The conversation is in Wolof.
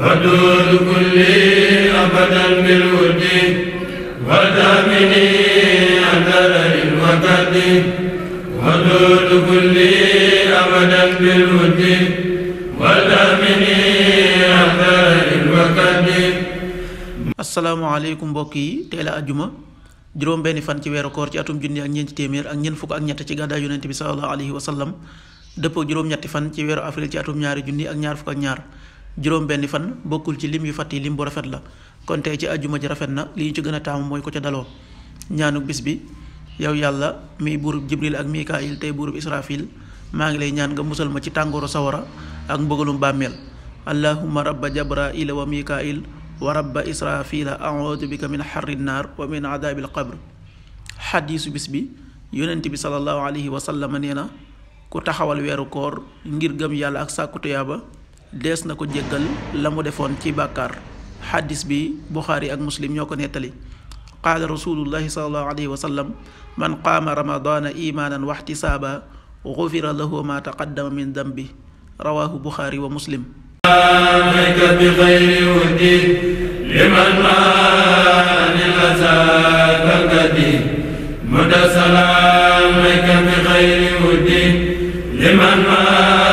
ودود كلي أبدا بالود وتامني أدر الوتد ودود كلي أبدا بالود وتامني أدر الوتد asalaamaaleykum mbokk yi teel a ajjuma juróom benni fan ci weeru koor ci atum junni ak ñeenti téeméer ak ñeent fukk ak ñett ci gàddaay yonent bi sallallahu alayhi wa sallam juróom-ñetti fan ci weeru avril ci atum ñaari junni ak ñaar fukk ak ñaar juróom benni fan bokkul ci lim yu fàtt yi lim bu rafet la kon tey ci ajjuma ji rafet na li ñu ci gën a taamu mooy ko ca daloo ñaanu bis bi yow yàlla miy buurub jibril ak mikaayil tey buurub israfil maa ngi lay ñaan nga musal ma ci tàngooru sawara ak mbëgalum mbàmmeel allahumma rabba jabraila wa mikail wa rabba israfila audu bika min xarri naar wa min adaabil qabr xadiisu bis bi yonent bi sallallahu alayhi wa sallam nee na ku taxawal weeru koor ngir gëm yàlla ak sàkku dees na ko jéggal la mu defoon ci bàkkaar xaddis bi buxaari ak muslim ñoo ko nettali qaala rasulullahi salallahu man qaama ramadaana imaanan wa ixtisaaba gufira lahu ma taqaddama min dambi rawaahu buxaari wa muslim